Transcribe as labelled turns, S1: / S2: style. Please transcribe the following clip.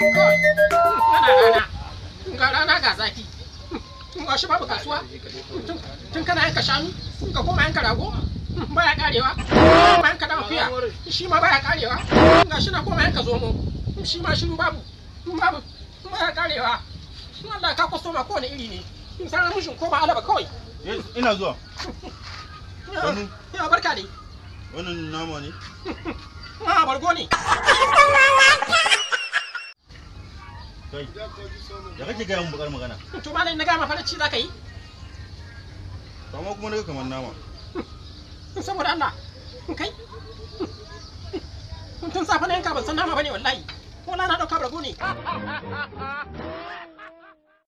S1: ana rana ga rana ga zafi ga shi babu kasuwa tun kana yanka shanu ka koma yanka rago yanka shi na koma yanka zomo shi babu ka iri ne koma ina zuwa ya barka
S2: wannan nama ne
S1: a ah, bargo ne
S2: Kai, ya gaya mun magana?
S3: To malam na gama farin yi?
S2: kuma naga kamar nama.
S3: Saboda Allah, kai. Tun safe na yanka ban san nama bane wallahi.
S1: Ko na na dauka rago ne.